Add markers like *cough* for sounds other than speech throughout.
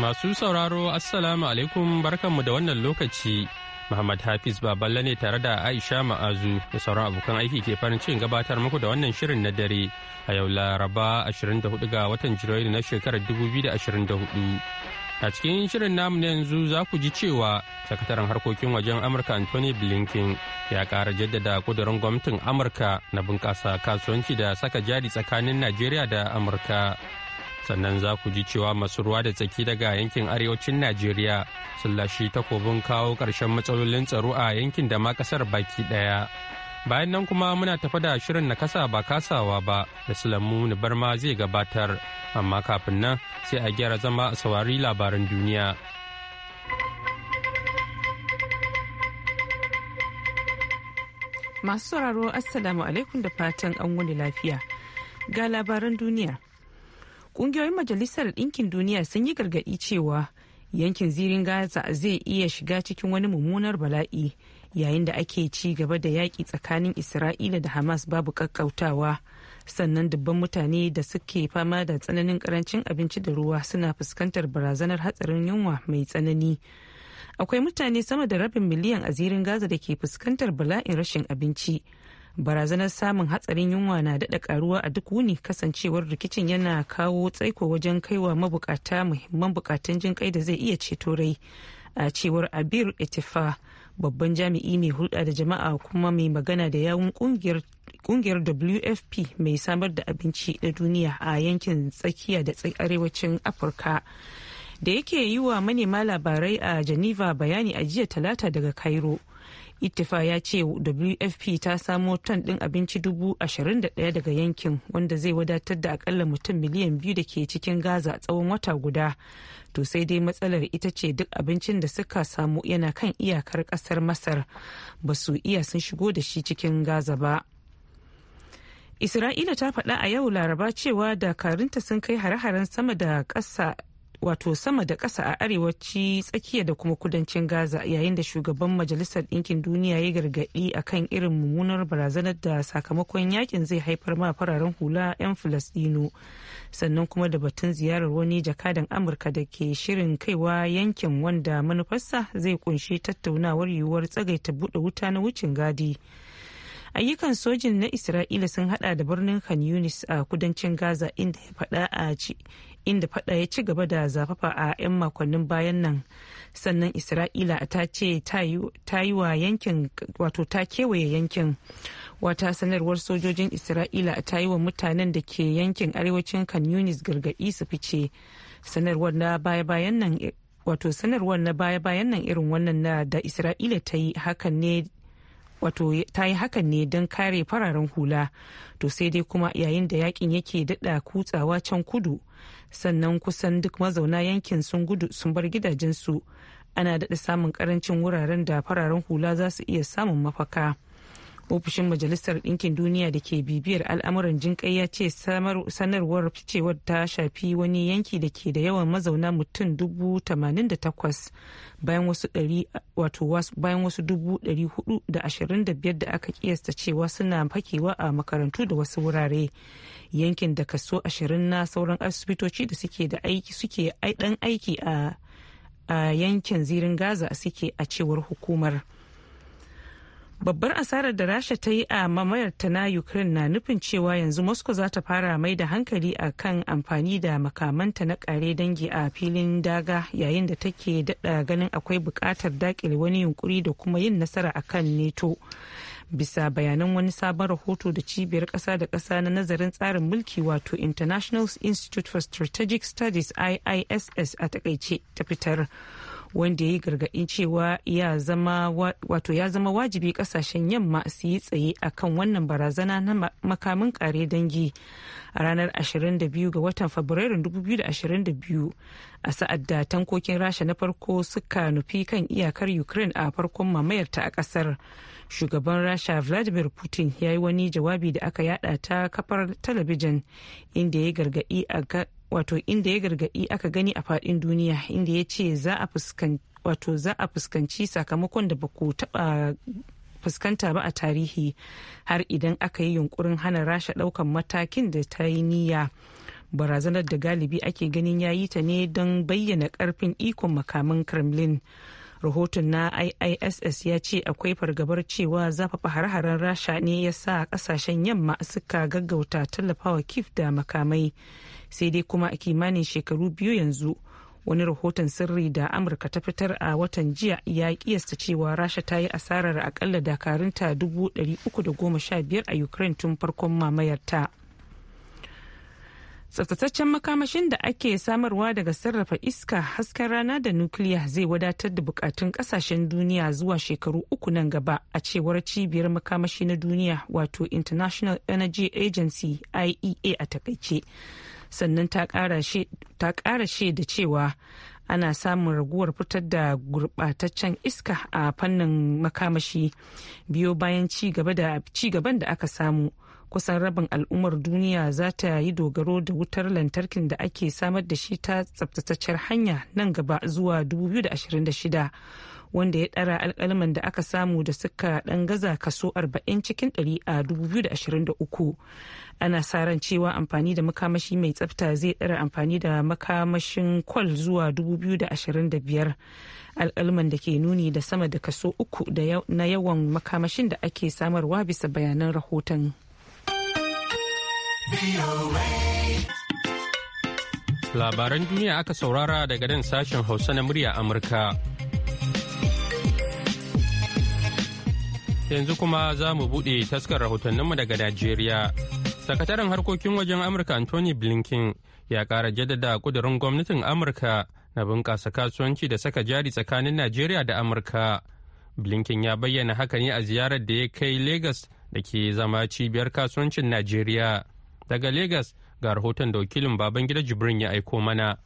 Masu sauraro Assalamu alaikum barkanmu da wannan lokaci. Muhammad Hafiz Baballe ne tare da Aisha Ma'azu da sauran abokan aiki ke farin cikin gabatar muku da wannan shirin na dare a yau Laraba 24 ga watan Janairu na shekarar 2024. A cikin shirin namu na yanzu za ku ji cewa sakataren harkokin wajen Amurka Anthony Blinken ya ƙara jaddada ƙudurin gwamnatin Amurka na bunƙasa kasuwanci da saka jari tsakanin Najeriya da Amurka. sannan za ku ji cewa masu ruwa da tsaki daga yankin arewacin najeriya sun lashe takobin kawo ƙarshen matsalolin tsaro a yankin da ma ƙasar baki ɗaya bayan nan kuma muna tafa da shirin na kasa ba kasawa ba da silamu barma zai gabatar amma kafin nan sai a gyara zama a saurari labaran duniya masu sauraro assalamu alaikum da fatan an wani lafiya ga labaran duniya kungiyoyin majalisar ɗinkin duniya sun yi gargaɗi cewa yankin zirin gaza zai iya shiga cikin wani mummunar bala'i yayin da ake ci gaba da yaƙi tsakanin isra'ila da hamas babu ƙaƙƙautawa sannan dubban mutane da suke fama da tsananin ƙarancin abinci da ruwa suna fuskantar barazanar hatsarin yunwa mai tsanani akwai mutane sama da rabin miliyan a zirin gaza da ke fuskantar bala'in rashin abinci barazanar samun hatsarin yunwa na daɗa karuwa a duk wuni kasancewar rikicin yana kawo tsaiko wajen kaiwa mabukata muhimman bukatun jin kai da zai iya ceto rai a cewar abir etifa babban jami'i mai hulɗa da jama'a kuma mai magana da yawun kungiyar wfp mai samar da abinci da duniya a yankin tsakiya da arewacin afirka da yake yi wa manema labarai a geneva bayani a jiya talata daga cairo ittifa ya ce wfp ta samo ton din abinci dubu ashirin da daya daga yankin wanda zai wadatar da akalla mutum miliyan biyu da ke cikin gaza tsawon wata guda to sai dai matsalar ita ce duk abincin da suka samu yana kan iyakar kasar masar ba su iya sun shigo da shi cikin gaza ba Isra'ila ta faɗa a yau Laraba cewa dakarunta sun kai hare-haren sama da ƙasa wato sama da ƙasa a arewaci tsakiya da kuma kudancin gaza yayin da shugaban majalisar ɗinkin duniya ya gargaɗi a kan irin mummunar barazanar da sakamakon yakin zai haifar ma fararen hula 'yan filistino sannan kuma da batun ziyarar wani jakadan amurka da ke shirin kaiwa yankin wanda manufarsa zai kunshi tattaunawar yiwuwar tsagaita buɗe wuta na wucin gadi ayyukan sojin na isra'ila sun hada da birnin khan yunis a kudancin gaza inda ya faɗa a inda fada ya ci gaba da zafafa a 'yan makonnin bayan nan sannan isra'ila ta ce ta yi wa yankin wato ta kewaye yankin wata sanarwar sojojin isra'ila ta yi wa mutanen da ke yankin arewacin kan yunis gargaɗi su fice sanarwar na baya-bayan nan wato sanarwar na baya-bayan nan irin wannan na da isra'ila ta yi hakan ne wato ta yi hakan ne don kare fararen hula to sai dai kuma yayin da yakin yake daɗa kutsawa can kudu sannan kusan duk mazauna yankin sun gudu sun bar gidajensu ana daɗa samun ƙarancin wuraren da fararen hula za su iya samun mafaka. ofishin majalisar ɗinkin duniya da ke bibiyar al'amuran jinƙai ya ce sanarwar ficewar ta shafi wani yanki da ke da yawan mazauna mutum dubu tamanin da takwas bayan wasu dubu ɗari hudu da ashirin da biyar da aka kiyasta cewa suna fakewa a makarantu da wasu wurare yankin da kaso ashirin na sauran asibitoci da suke da aiki suke ɗan aiki a yankin zirin gaza suke a cewar hukumar. babbar asarar da rasha ta yi a mamayar na ukraine na nufin cewa yanzu moscow za ta fara mai da hankali a kan amfani da makamanta na kare dangi a filin daga yayin da take daɗa ganin akwai buƙatar daƙile wani yunkuri da kuma yin nasara a kan neto bisa bayanan wani sabon rahoto da cibiyar ƙasa da ƙasa na nazarin tsarin mulki wato international institute for strategic studies iiss a takaice ta fitar wanda ya yi gargaɗin cewa ya zama wajibi kasashen yamma su yi tsaye a kan wannan barazana na makamin kare dangi a ranar 22 ga watan fabrairun 2022 a sa'ad da tankokin rasha na farko suka nufi kan iyakar ukraine a farkon mamayarta a kasar shugaban rasha vladimir putin ya yi wani jawabi da aka yada ta kafar talabijin inda ya gargaɗi a wato inda ya gargaɗi aka gani a faɗin duniya inda ya ce za a fuskanci wato za a fuskanci sakamakon da ba ku taɓa fuskanta ba a tarihi har idan aka yi yunkurin hana rasha ɗaukan matakin da ta yi niyya barazanar da galibi ake ganin yayi ta ne don bayyana ƙarfin ikon makamin kremlin rahoton na iiss ya ce akwai fargabar cewa zafafa har-haren rasha ne ya sa kasashen yamma suka gaggauta tallafawa kif da makamai sai dai kuma a kimanin shekaru biyu yanzu wani rahoton sirri da amurka ta fitar a watan jiya ya kiyasta cewa rasha ta yi asarar akalla dakarunta 315 a ukraine tun farkon mamayarta tsaftataccen makamashin da ake samarwa daga sarrafa iska hasken rana da nukiliya zai wadatar da bukatun kasashen duniya zuwa shekaru uku nan gaba a cewar cibiyar makamashi na duniya wato international energy agency iea a takaice sannan ta kara da cewa ana samun raguwar fitar da gurbataccen iska a fannin makamashi biyo bayan ci gaban da aka samu kusan rabin al'ummar duniya za ta yi dogaro da wutar lantarkin da ake samar da shi ta tsabtataccen hanya nan gaba zuwa 2026 wanda ya ɗara alkalman da aka samu da suka ɗan gaza kaso 40 cikin 100 a 2023 ana sa ran cewa amfani da makamashi mai tsafta zai ɗara amfani da makamashin kwal zuwa 2025 alkalman da ke nuni da sama da kaso uku na yawan makamashin da ake samarwa bisa bayanan rahoton Labaran duniya aka saurara daga nan sashen Hausa na murya Amurka. Yanzu kuma za mu buɗe taskar rahotanninmu daga Najeriya. Sakataren harkokin wajen Amurka Anthony Blinken ya ƙara jaddada ƙudurin gwamnatin Amurka na bunƙasa kasuwanci da saka jari tsakanin Najeriya da Amurka. Blinken ya bayyana haka ne a ziyarar da ya kai lagos da ke zama cibiyar kasuwancin Najeriya. Daga Legas ga rahoton da wakilin Babangida Jibrin ya aiko mana.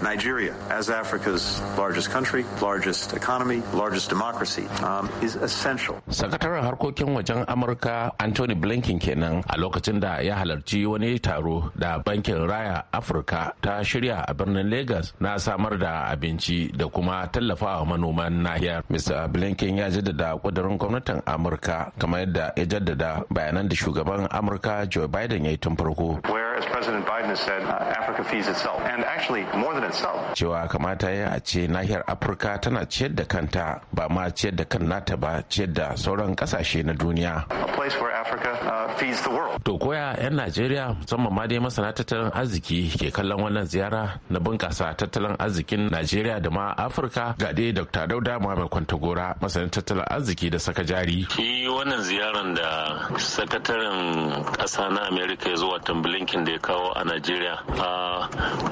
Nigeria, as Africa's largest country, largest economy, largest democracy, um, is essential. Sakataren harkokin wajen Amurka Anthony Blinken kenan a lokacin da ya halarci wani taro da Bankin Raya Afirka ta shirya a birnin Lagos na samar da abinci da kuma tallafawa manoman nahiyar. Mr. Blinken ya jaddada kudurin gwamnatin Amurka kamar yadda ya jaddada bayanan da shugaban Amurka Joe Biden ya yi tun farko. as President Biden has said, uh, Africa feeds itself, and actually more than itself. Cewa kamata ya a ce nahiyar Afirka tana ciyar da kanta ba ma ciyar da kan nata ba ciyar da sauran kasashe na duniya. A place where Africa Uh, feeds the world. To koya 'yan Najeriya musamman ma dai masana tattalin arziki ke kallon wannan ziyara na bunƙasa tattalin arzikin Najeriya da ma Afirka ga dai Dr. Dauda Muhammad Kwantagora masanin tattalin arziki da saka jari. Shi wannan ziyaran da sakataren ƙasa na Amerika ya zo watan Blinken da ya kawo a Najeriya.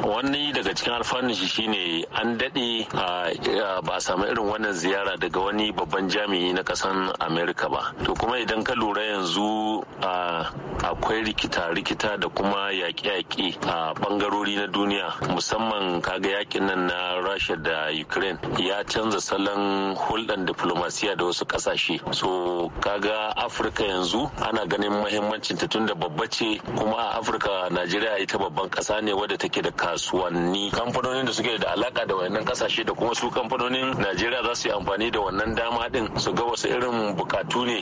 Wani daga cikin alfanun shi shine an daɗe ba a samu irin wannan ziyara daga wani babban jami'i na ƙasan Amerika ba. To kuma idan ka lura yanzu akwai rikita-rikita da kuma yaƙe-yaƙe a ɓangarori na duniya musamman kaga yaƙin nan na rasha da ukraine ya canza salon hulɗar diplomasiya da wasu ƙasashe so kaga afirka yanzu ana ganin mahimmancin ta tunda babba ce kuma a afirka najeriya ita babban ƙasa ne wadda take da kasuwanni kamfanonin da suke da alaka da wayannan ƙasashe da kuma su kamfanonin najeriya za su yi amfani da wannan dama din su ga wasu irin bukatu ne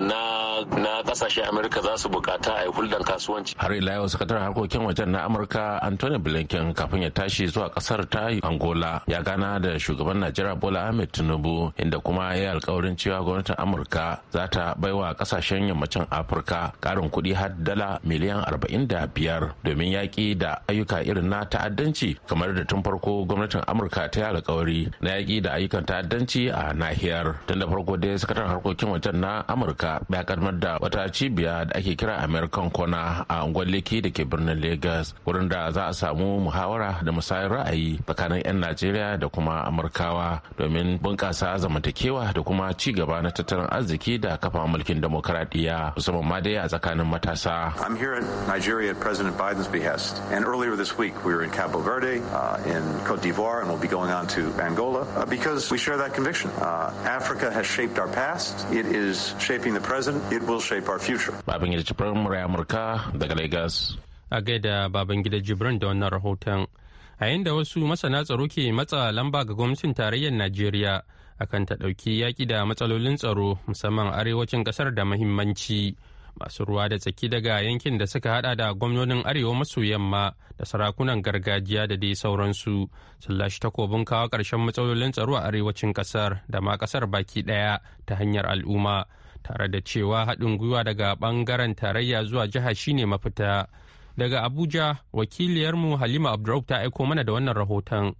na ƙasashe kasashe amurka za su bukata a yi hulɗar kasuwanci har ila yau sakataren harkokin wajen na amurka anthony blinken kafin ya tashi zuwa kasar ta angola ya gana da shugaban najeriya bola ahmed tinubu inda kuma ya yi alkawarin cewa gwamnatin amurka za ta wa kasashen yammacin afirka karin kuɗi har dala miliyan arba'in da biyar domin yaƙi da ayyuka irin na ta'addanci kamar da tun farko gwamnatin amurka ta yi alkawari na yaƙi da ayyukan ta'addanci a nahiyar tun da farko dai sakataren harkokin wajen na amurka ya kaddamar da wata cibiya da ake kira American a unguwar da ke birnin Lagos wurin da za a samu muhawara da musayar ra'ayi tsakanin 'yan Najeriya da kuma Amurkawa domin bunƙasa zamantakewa da kuma ci gaba na tattalin arziki da kafa mulkin demokradiyya musamman ma dai a tsakanin matasa. I'm here in Nigeria at President Biden's behest and earlier this week we were in Cabo Verde uh, in Cote d'Ivoire and we'll be going on to Angola uh, because we share that conviction. Uh, Africa has shaped our past. It is shaping the present. It will shape our future. future. Babangida Jibrin murai Amurka daga Lagos. A gaida Babangida Jibrin da wannan rahoton. A da wasu masana tsaro ke matsa lamba ga gwamnatin tarayyar Najeriya akan ta ɗauki yaƙi da matsalolin tsaro musamman arewacin ƙasar da mahimmanci. Masu ruwa da tsaki daga yankin da suka hada da gwamnonin arewa maso yamma da sarakunan gargajiya da dai sauransu sun lashe takobin kawo ƙarshen matsalolin tsaro a arewacin ƙasar da ma ƙasar baki ɗaya ta hanyar al'umma. tare da cewa haɗin gwiwa daga ɓangaren tarayya zuwa jiha shine mafita daga abuja wakiliyarmu halima abdurraub ta aiko mana da wannan rahoton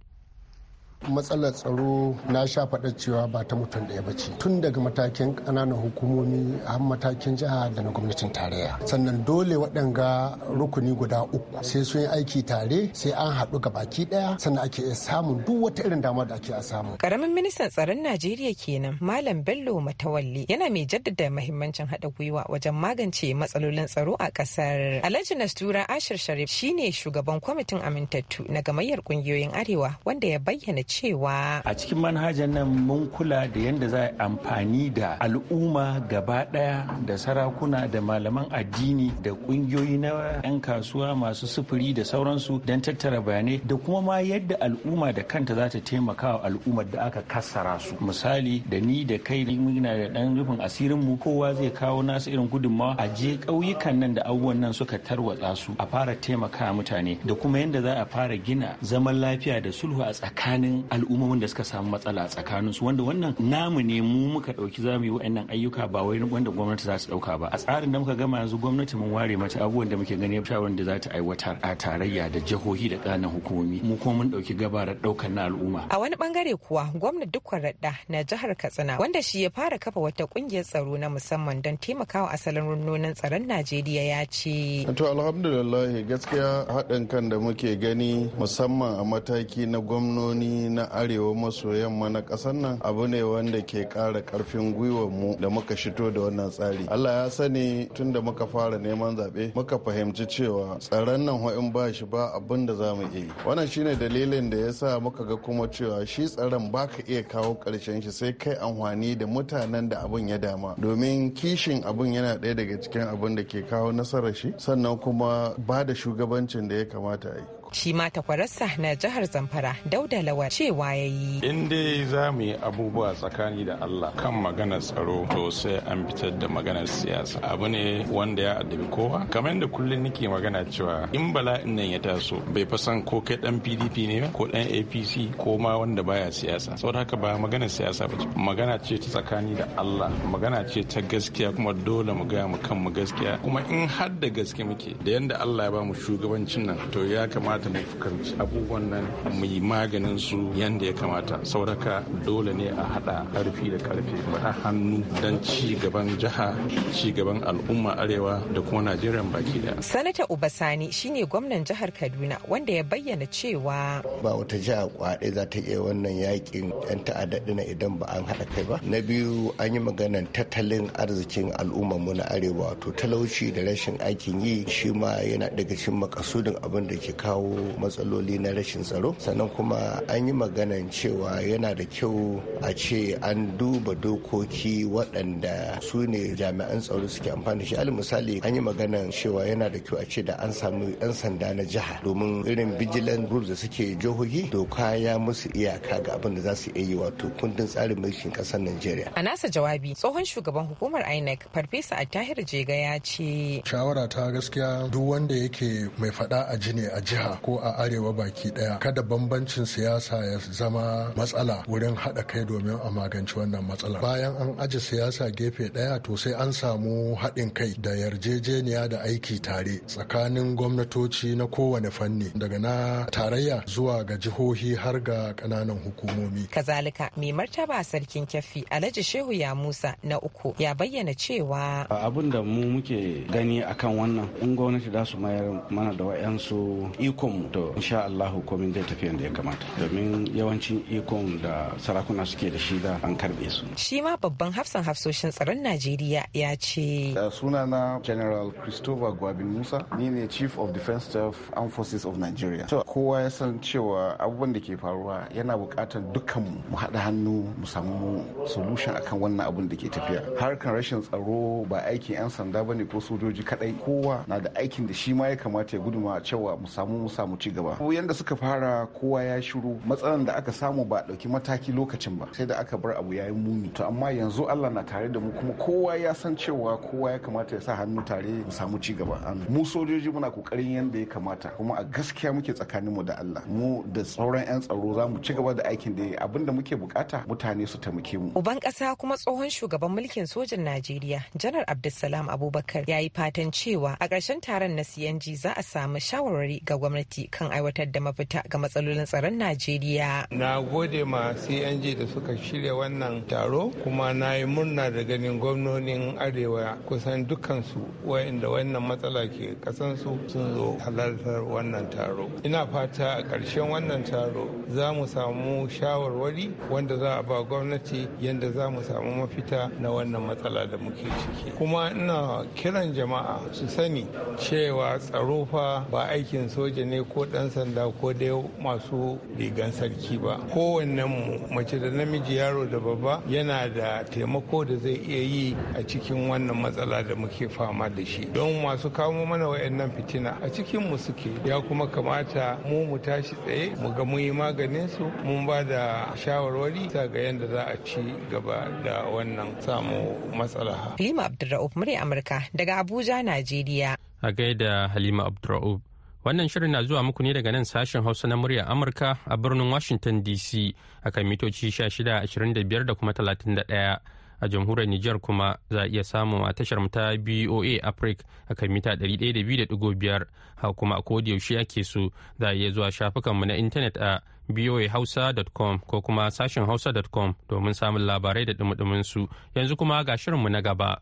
matsalar tsaro na sha faɗa cewa ba ta mutum ɗaya ba ce tun daga matakin ƙananan hukumomi har matakin jiha da na gwamnatin tarayya sannan dole waɗanga rukuni guda uku sai sun yi aiki tare sai an haɗu ga baki ɗaya sannan ake iya samun duk wata irin dama da ake a samu. Karamin ministan tsaron Najeriya kenan Malam Bello Matawalli yana mai jaddada mahimmancin haɗa gwiwa wajen magance matsalolin tsaro a ƙasar. Alhaji Nastura Ashir Sharif shine shugaban kwamitin amintattu na gamayyar ƙungiyoyin Arewa wanda ya bayyana cewa a cikin manhajar nan mun kula da yadda za a amfani da al'umma gaba daya da sarakuna da malaman addini da kungiyoyi na 'yan kasuwa masu sufuri da sauransu don tattara bayanai da kuma ma yadda al'umma da kanta za ta taimaka wa al'ummar da aka kassara su misali da ni da kai muna da ɗan rufin asirin mu. kowa zai kawo nasu irin gudunmawa a je ƙauyukan nan da abubuwan nan suka tarwatsa su a fara taimaka mutane da kuma yadda za a fara gina zaman lafiya da sulhu a tsakanin al'ummomin da suka samu matsala tsakanin su wanda wannan namu ne mu muka dauki mu yi wa'annan ayyuka ba wai wanda gwamnati za su dauka ba a tsarin da muka gama yanzu gwamnati mun ware mata abubuwan da muke gani shawarar da za ta aiwatar a tarayya da jihohi da kanan hukumomi mu kuma mun ɗauki gabarar daukar na al'umma a wani bangare kuwa gwamnati dukkan radda na jihar Katsina wanda shi ya fara kafa wata kungiyar tsaro na musamman don taimakawa asalin runnonin tsaron Najeriya ya ce to alhamdulillah gaskiya haɗin kan da muke gani musamman a mataki na gwamnoni na arewa maso yamma na kasar nan abu ne wanda ke kara karfin gwiwar mu da muka shito da wannan tsari allah ya sani tun da muka fara neman zaɓe muka fahimci cewa tsaron nan in ba shi ba abin da za mu iya yi wannan shine dalilin da ya sa muka ga kuma cewa shi tsaron baka iya kawo ƙarshen shi sai kai amfani da mutanen da abin ya dama domin kishin abin yana ɗaya daga cikin abin da ke kawo nasarar shi sannan kuma ba da shugabancin da ya kamata a yi shi ma takwararsa na jihar zamfara dauda lawal cewa ya yi in dai za mu yi abubuwa tsakani da allah kan maganar tsaro to sai an fitar da maganar siyasa abu ne wanda ya addabi kowa kamar da kullum nake magana cewa in bala'in nan ya taso bai fa san ko kai dan pdp ne ko dan apc ko ma wanda baya siyasa saboda haka ba magana siyasa ba magana ce ta tsakani da allah magana ce ta gaskiya kuma dole mu gaya mu kanmu gaskiya kuma in har da gaske muke da yanda allah ya ba mu shugabancin nan to ya kamata kamata mu fuskanci abubuwan nan mu yi maganin su yanda ya kamata sauraka dole ne a hada karfi da karfe a hannu don ci gaban jiha ci gaban al'umma arewa da kuma najeriya baki da. sanata ubasani shine gwamnan jihar kaduna wanda ya bayyana cewa ba wata jiha kwaɗe za ta iya wannan yakin yan ta'adda dina idan ba an haɗa kai ba na biyu an yi maganan tattalin arzikin al'umma mu na arewa to talauci da rashin aikin yi shi ma yana daga cikin makasudin abin da ke kawo matsaloli na rashin tsaro sannan kuma an yi maganan cewa yana da kyau a ce an duba dokoki waɗanda su ne jami'an tsaro suke amfani da shi alin misali an yi maganan cewa yana da kyau a ce da an samu 'yan sanda na jiha domin irin vigilant group da suke jihohi doka ya musu iyaka ga abin da za su iya yi wato kundin tsarin mulkin ƙasar najeriya a nasa jawabi tsohon shugaban hukumar inec farfesa attahir jega ya ce shawara ta gaskiya duk wanda yake mai fada a jini a jiha ko a arewa baki daya kada bambancin siyasa ya zama matsala wurin haɗa kai domin a magance wannan matsala bayan an aji siyasa gefe daya to sai an samu haɗin kai da yarjejeniya da aiki tare tsakanin gwamnatoci na kowane fanni daga na tarayya zuwa ga jihohi har ga ƙananan hukumomi kazalika mai martaba sarkin kyafi alhaji shehu ya musa na uku ya bayyana cewa abin da mu muke gani akan wannan in gwamnati za su mayar mana da wayansu ikon ikon to insha Allah komin zai tafi yadda ya kamata domin yawancin ikon da sarakuna suke da shi da an karbe su shi ma babban hafsan hafsoshin tsaron Najeriya ya ce uh, sunana General Christopher Gwabin Musa ni ne Chief of Defense Staff Armed Forces of Nigeria to kowa ya san cewa abubuwan da ke faruwa yana bukatar dukkan mu haɗa hannu mu samu solution akan wannan abun da ke tafiya harkan rashin tsaro ba aikin 'yan sanda bane ko sojoji kadai kowa na da aikin da shi ma ya kamata ya guduma cewa mu samu samu ci gaba yanda suka fara kowa ya shiru matsalan da aka samu ba a ɗauki mataki lokacin ba sai da aka bar abu yayin muni to amma yanzu Allah na tare da mu kuma kowa ya san cewa kowa ya kamata ya sa hannu tare mu samu ci gaba mu sojoji muna kokarin yanda ya kamata kuma a gaskiya muke tsakanin mu da Allah mu da sauran yan tsaro za mu ci gaba da aikin da abinda muke bukata mutane su taimake mu uban kasa kuma tsohon shugaban mulkin sojin Najeriya janar Abdulsalam Abubakar ya yi fatan cewa a ƙarshen taron na CNG za a samu shawarwari ga gwamnati gwamnati kan aiwatar da mafita ga matsalolin tsaron Najeriya. Na gode ma CNG da suka shirya wannan taro kuma na yi murna da ganin gwamnonin Arewa kusan dukansu wa'inda wannan matsala ke kasansu sun zo halartar wannan taro. Ina fata a ƙarshen wannan taro za mu samu shawarwari wanda za a ba gwamnati yadda za mu samu mafita na wannan matsala da muke ciki. Kuma ina kiran jama'a su sani cewa tsaro fa ba aikin soja ne ko ɗan sanda ko dai masu rigan sarki ba kowanne mu mace da namiji yaro da babba yana da taimako da zai iya yi a cikin wannan matsala da muke fama da shi don masu kamo mana wayannan fitina a cikin mu suke ya kuma kamata mu mu tashi tsaye mu ga mun yi maganin su mun ba da shawarwari ta ga yanda za a ci gaba da wannan samu matsala. Halima Abdulra'uf murya Amurka daga Abuja, Najeriya. A gaida Halima Abdulra'uf Wannan shirin na zuwa muku ne daga nan sashen Hausa na muryar Amurka a birnin Washington DC a kan mitoci 1625 da kuma 31. A jamhuriyar Nijar kuma za a iya samu a tashar ta BOA Africa kan mita 102.5 ha kuma a yaushe ake so za a iya zuwa shafukanmu na intanet a boahausa.com ko kuma sashen hausa.com domin samun labarai da dumudumin su yanzu kuma ga shirinmu na gaba.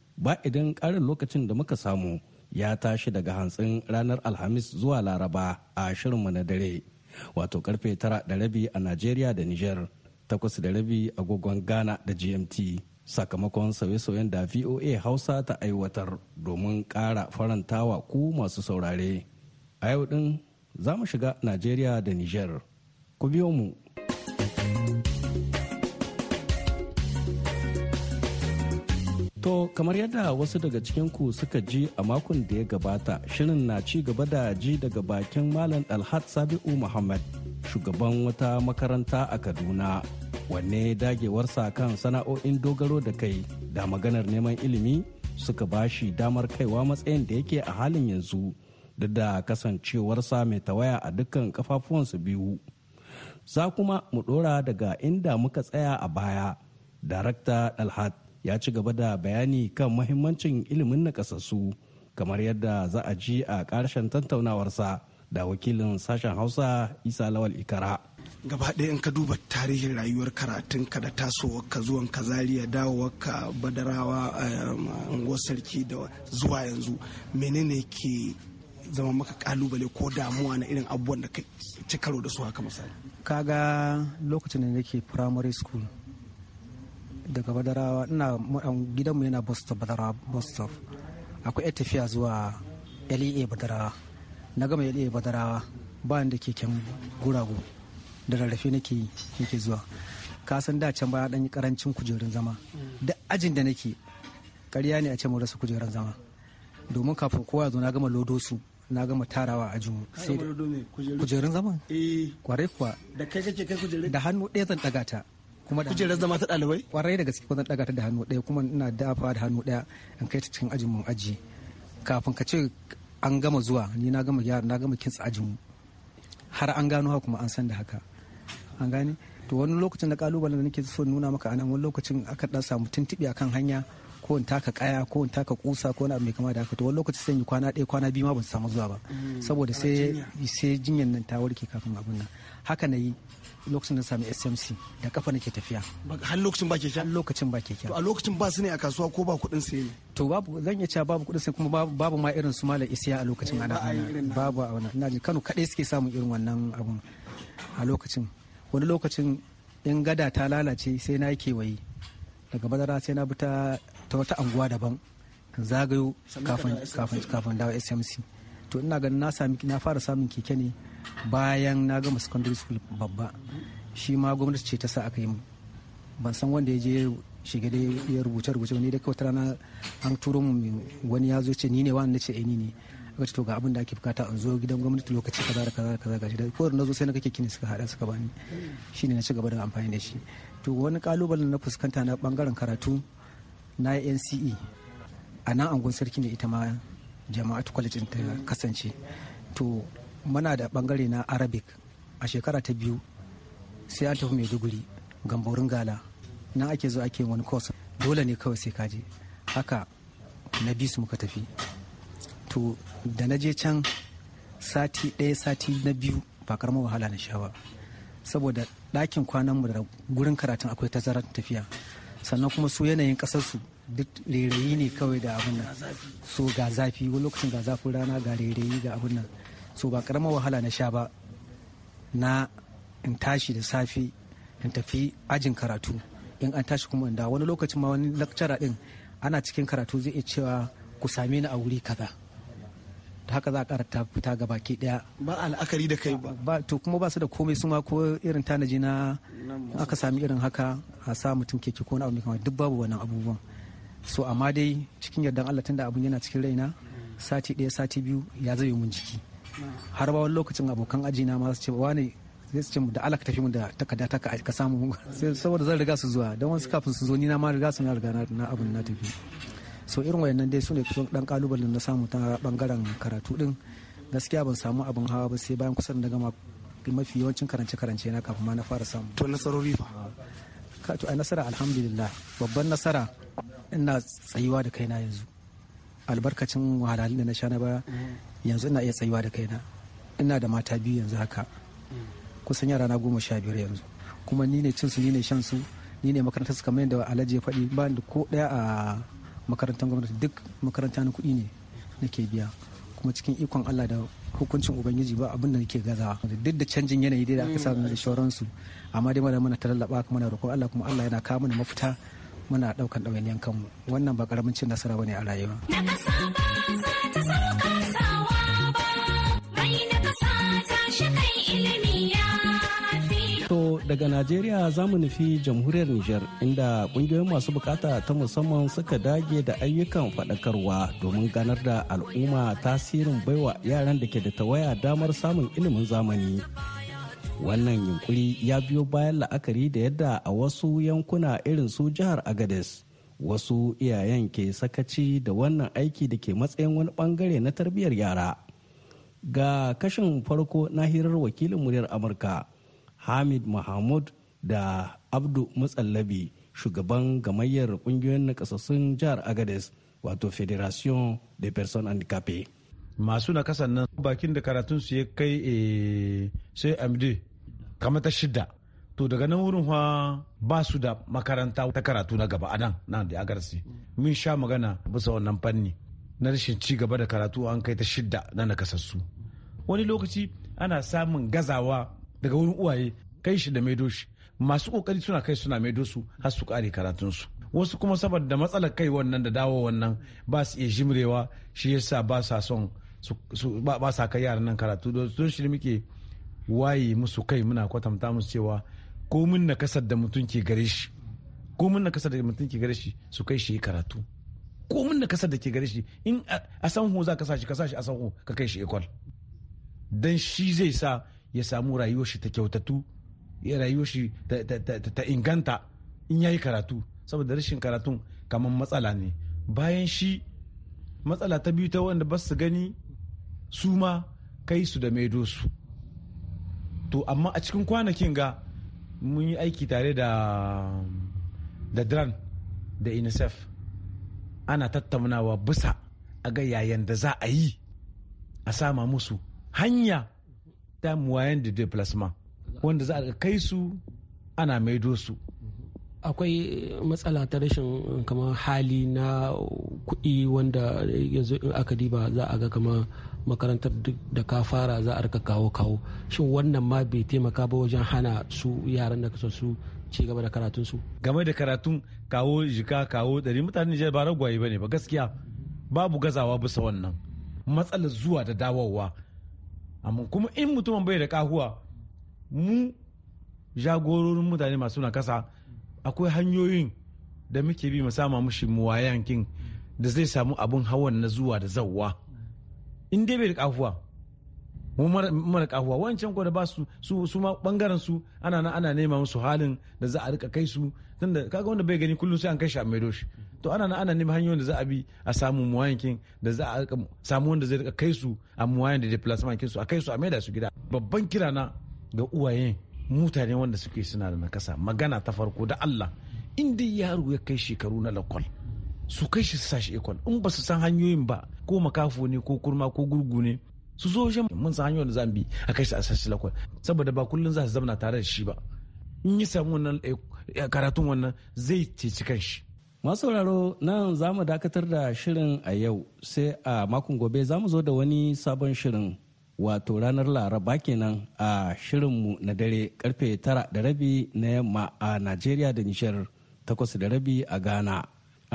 ba idan ƙarin lokacin da muka samu ya tashi daga hantsin ranar alhamis zuwa laraba a shirinmu na dare wato karfe tara da rabi a najeriya da niger takwas da rabi agogon ghana da gmt sakamakon sauye-sauyen da voa hausa ta aiwatar domin ƙara farantawa ku masu saurare a yau din za mu shiga najeriya da niger ku biyo mu To kamar yadda wasu daga cikin ku suka ji a makon da ya gabata shirin na ci gaba da ji daga bakin Malam Alhad Sabi'u Muhammad shugaban wata makaranta a Kaduna wanne dagewarsa kan sana'o'in dogaro da kai da maganar neman ilimi suka bashi damar kaiwa matsayin da yake a halin yanzu duk da kasancewarsa mai tawaya a dukkan kafafuwansu biyu. Za kuma mu ɗora daga inda muka tsaya a baya, Darakta Alhad ya ci gaba da bayani kan mahimmancin ilimin nakasassu kamar yadda za a ji a ƙarshen tattaunawarsa da wakilin sashen hausa isa lawal ikara gaba ɗaya in ka duba tarihin rayuwar karatun ka da tasowa ka zuwan ka zariya dawowar ka badarawa um, unguwar sarki da zuwa yanzu menene ke zama maka kalubale ko damuwa na irin abubuwan da ka ci karo da su haka misali kaga lokacin da nake primary school daga badarawa ina um, gidanmu yana boston badarawa boston akwai yan tafiya zuwa lea badarawa na gama lea badarawa bayan da keken guragu da rarrafe nake nake zuwa ka san da can baya dan karancin kujerun zama da ajin da nake karya ne a ce mu rasa kujerun zama domin kafin kowa zo na gama lodo su na gama tarawa a jimu sai kujerun zaman eh. kwarai kuwa da kai kake kai kujerun da hannu ɗaya zan daga ta kuma kujerar zama ta ɗalibai kwarai da gaske ko zan ɗaga ta da hannu ɗaya kuma ina dafa da hannu ɗaya in kai ta cikin ajin mu aji kafin ka ce an gama zuwa ni na gama gyara na gama kintsa ajin mu har an gano haka kuma an san da haka an gane to wani lokacin da kalubalen da nake so nuna maka anan wani lokacin aka dan samu tuntubi akan hanya ko in taka kaya ko in taka kusa ko wani abu mai kama da haka to wani lokaci sai yi kwana ɗaya kwana biyu ma ban samu zuwa ba mm. saboda sai sai jinyar nan ta warke kafin abin nan haka na yi lokacin da sami smc da kafa nake tafiya har lokacin ba ke kya? lokacin ba ke to a lokacin ba su ne a kasuwa ko ba kuɗin sai ne to babu zan iya cewa babu kuɗin sai kuma babu ma irin su malam isiya a lokacin eh, ana babu a wannan ina jin kano kaɗai suke samun irin wannan abun a lokacin wani lokacin in gada ta lalace sai na yi kewaye daga madara sai na bi ta ta wata anguwa daban zagayo kafin dawa smc to ina ganin na sami na fara samun keke ne bayan na gama secondary school babba shi ma gwamnati ce ta sa aka yi ban san wanda ya je shiga da ya rubuce rubuce ne da kawai ta rana an turo mu wani ya zo ce ni ne wani ce eh, ni ne aka ce to ga abin da ake bukata an zo gidan gwamnati lokaci kaza da kaza da kaza gashi da ko na zo sai na kake kini suka hada suka bani shine na ci gaba da amfani da shi to wani kalubalen na fuskanta na bangaren karatu na nce a nan angon sarki ne ita ma jama'atu college ta kasance to muna da bangare na arabic a shekara ta biyu sai an tafi maiduguri borin gala na ake zo ake wani kos dole ne kawai sai kaje haka na su muka tafi to da na je can sati ɗaya sati na biyu ba karamar wahala na sha ba saboda ɗakin kwanan mu da gurin karatun akwai tazarar tafiya sannan kuma su yanayin ƙasarsu duk rairayi ne kawai da abin nan so ga zafi wani lokacin ga zafin rana ga rairayi ga abin nan so ba karamar wahala na sha ba na in tashi da safe in tafi ajin karatu in an tashi kuma in wani lokacin ma wani lakcara din ana cikin karatu zai iya cewa ku same ni a wuri kaza haka za a ƙara ta fita ga baki ɗaya ba al'akari da kai ba to kuma ba su da komai su ma ko irin tanaji na aka sami irin haka a sa mutum keke ko na abu kamar duk babu wannan abubuwan so amma dai cikin yardan Allah tunda abun yana cikin raina sati ɗaya sati biyu ya zai mun jiki har ba wani lokacin abokan aji na ma su ce wani zai ce da Allah ka tafi mun da takarda ta ka samu *laughs* saboda zan riga su zuwa don wasu kafin su zo ni na ma riga su na riga na abun na tafi so irin wayannan dai su ne kusan dan kalubalen na samu ta bangaren karatu din gaskiya ban samu abin hawa ba sai bayan kusan da gama mafi yawancin karance karance na kafin ma na fara samu to nasarori fa ka to ai nasara alhamdulillah babban nasara ina tsayuwa da kaina yanzu albarkacin wahalhalun da na sha na baya yanzu ina iya tsayuwa da kaina ina da mata biyu yanzu haka kusan yara na goma sha biyar yanzu kuma ni ne cin su ni ne shan su ni ne makarantar su kamar yadda alhaji ya faɗi ba ni ko ɗaya a makarantar gwamnati duk makaranta na kuɗi ne nake biya kuma cikin ikon Allah da hukuncin ubangiji ba abin da nake gaza duk da canjin yanayi da aka samu da shauransu amma dai mana mana talallaba kuma na roƙon Allah kuma Allah yana kawo mana mafita muna daukan ɗawainiyan kanmu wannan ba ƙaramin cin nasara bane a rayuwa. daga najeriya za mu nufi jamhuriyar niger inda kungiyoyin masu bukata ta musamman suka dage da ayyukan faɗakarwa domin ganar da al'umma tasirin baiwa yaran da ke da tawaya damar samun ilimin zamani wannan yunkuri ya biyo bayan la'akari da yadda a wasu yankuna irin su jihar agades wasu iyayen ke sakaci da wannan aiki da ke matsayin wani bangare na tarbiyyar yara ga kashin farko na hirar wakilin muryar amurka hamid mahmud da abdu mutsallabi shugaban gamayyar kungiyoyin nakasassun jihar agades wato federation de personnes handicapées masu kasan nan bakin da karatun su ya kai eh, sai md kama ta shida to daga nan wurin hwa ba su da makaranta ta karatu na gaba anan nan da agarsi mun sha magana bisa wannan fanni na rashin ci gaba da karatu an kai ta shidda na nakasassu wani lokaci ana samun gazawa daga wurin uwaye kai shi da maido shi masu kokari suna kai suna maido su har su kare karatunsu wasu kuma saboda matsalar kai wannan da dawo wannan ba su iya jimrewa shi yasa ba sa son su ba sa kai yaran nan karatu don shi muke waye musu kai muna kwatanta musu cewa ko mun na kasar da mutum ke gare shi ko mun na kasar da mutum ke gare shi su kai shi karatu ko mun na kasar da ke gare shi in a ho za ka sa shi ka sa shi a sanho ka kai shi ekol dan shi zai sa ya samu rayuwar shi ta kyautatu ya rayuwar shi ta inganta in yayi karatu saboda rashin karatun kamar matsala ne bayan shi matsala ta biyu ta wanda ba su gani su ma kai su da maido su to amma a cikin kwanakin ga mun yi aiki tare da da dran da unicef ana tattaunawa bisa a ga yayan da za a yi a sama musu hanya da muwayen da déplacement wanda za a kai su ana maido su akwai eh, matsala ta rashin eh, kamar hali na kuɗi wanda yanzu in aka diba za a ga kamar makarantar da ka fara za a rika kawo kawo shin wannan ma bai taimaka ba wajen hana su yaran da kasa su ci gaba da karatun su game da karatun kawo jika kawo ɗari mutanen nijar ba ragwaye ba ne ba gaskiya babu gazawa bisa wannan matsalar zuwa da dawowa amma kuma in mutumin bai da kahuwa mu jagororin mutane masu na kasa akwai hanyoyin da muke bi musamman mushi muwayankin da zai samu abun hawan na zuwa da zauwa. in dai bai da kahuwa mu mara kahuwa wancan ko da ba su su ma bangaren su ana ana nema musu halin da za a rika kai su tunda kaga wanda bai gani kullum sai an kai shi a maido shi to ana na ana neman hanyoyin da za a bi a samu muwayankin da za a samu wanda zai rika kai su a muwayan da deplasman kinsu a kai su a maida su gida babban kira na ga Uwaye mutane wanda suke suna da nakasa magana ta farko da Allah in dai yaro ya kai shekaru na lakwal su kai shi su sashi ikon in ba su san hanyoyin ba ko makafo ne ko kurma ko gurgu ne su zo shi mun san hanyoyin da za bi a kai shi a sashi lakwal saboda ba kullun za su zamana tare da shi ba in yi samu wannan eh, karatun wannan zai ceci shi. masu sauraro nan za mu dakatar da shirin a yau sai a makon gobe za mu zo da wani sabon shirin wato ranar laraba kenan a shirinmu na dare karfe tara da rabi na yamma a najeriya da nishar takwas da rabi a ghana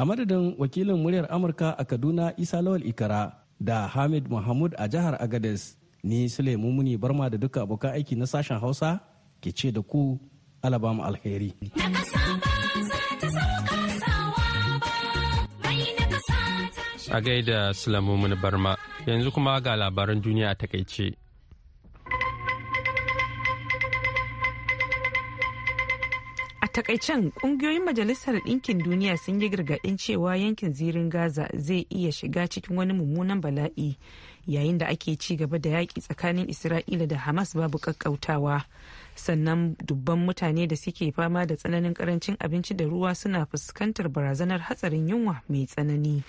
a madadin wakilin muryar amurka a kaduna isa lawal ikara da hamid mahmud a jihar agades ni sule muni barma da duka abokan aiki na sashen hausa ke ce da ku alabama alheri A gaida Sulamumin Barma, yanzu kuma ga labaran duniya a takaice. A takaicen kungiyoyin Majalisar Ɗinkin Duniya sun yi gargaɗin cewa yankin zirin Gaza zai iya shiga cikin wani mummunan bala'i yayin da ake ci gaba da yaƙi tsakanin Isra'ila da Hamas babu ƙaƙƙautawa. Sannan dubban mutane da suke fama da tsananin ƙarancin abinci da ruwa suna fuskantar barazanar hatsarin yunwa mai tsanani.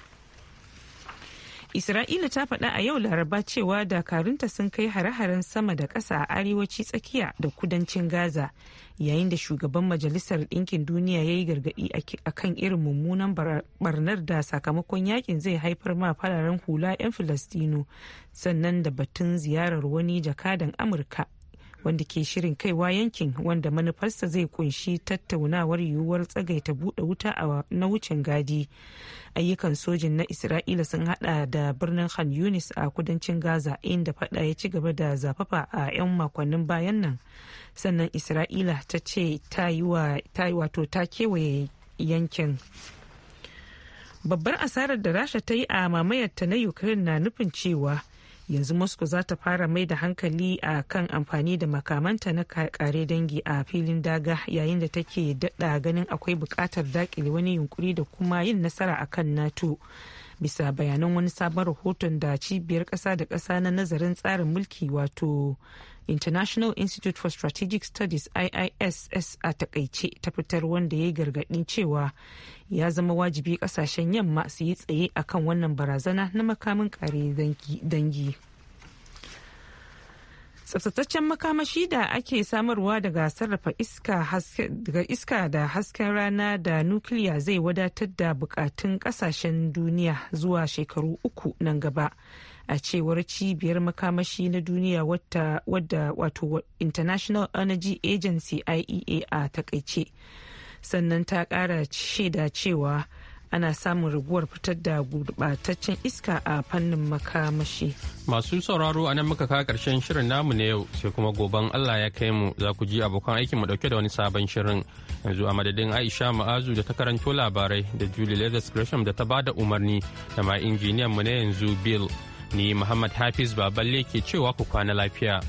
Isra'ila ta faɗa a yau laraba cewa dakarunta sun kai hare-haren sama da ƙasa a arewaci tsakiya da kudancin Gaza yayin da shugaban majalisar ɗinkin duniya ya yi gargaɗi a kan irin mummunan barnar da sakamakon yakin zai haifar ma fararen hula 'yan Filistino sannan da batun ziyarar wani jakadan Amurka wanda ke shirin kaiwa yankin wanda manufarsa zai kunshi tattaunawar yiwuwar tsagaita buɗe wuta a na wucin gadi ayyukan sojin na isra'ila sun hada da birnin khan yunis a kudancin gaza inda fada ya ci gaba da zafafa a 'yan makonnin bayan nan sannan isra'ila ta ce ta yi wato ta kewaye yankin babbar asarar da rasha ta yi a mamayarta na ukraine na nufin cewa yanzu moscow za ta fara mai da hankali a kan amfani da makamanta na kare dangi a filin daga yayin da take daɗa ganin akwai buƙatar daƙile wani yunkuri da kuma yin nasara a kan nato bisa bayanan wani sabon rahoton da cibiyar ƙasa da ƙasa na nazarin tsarin mulki wato international institute for strategic studies iiss a takaice ta fitar wanda ya yi gargaɗin cewa ya zama wajibi ƙasashen yamma su yi tsaye kan wannan barazana na makamin kare dangi tsaftataccen makamashi da ake samarwa daga sarrafa iska da hasken rana da nukiliya zai wadatar da bukatun kasashen duniya zuwa shekaru uku nan gaba a cewar cibiyar makamashi na duniya wadda wato international energy agency iea a takaice sannan ta kara shaida cewa ana samun raguwar fitar da gurɓataccen iska a fannin makamashi. Masu sauraro a nan muka kawo ƙarshen shirin namu na yau sai kuma goben Allah ya kai mu za ku ji abokan aikin mu ɗauke da wani sabon shirin. Yanzu a madadin Aisha Ma'azu da ta karanto labarai da Julie Leathers Gresham da ta ba da umarni da ma injiniyan mu na yanzu Bill. Ni Muhammad Hafiz Baballe ke cewa ku kwana lafiya.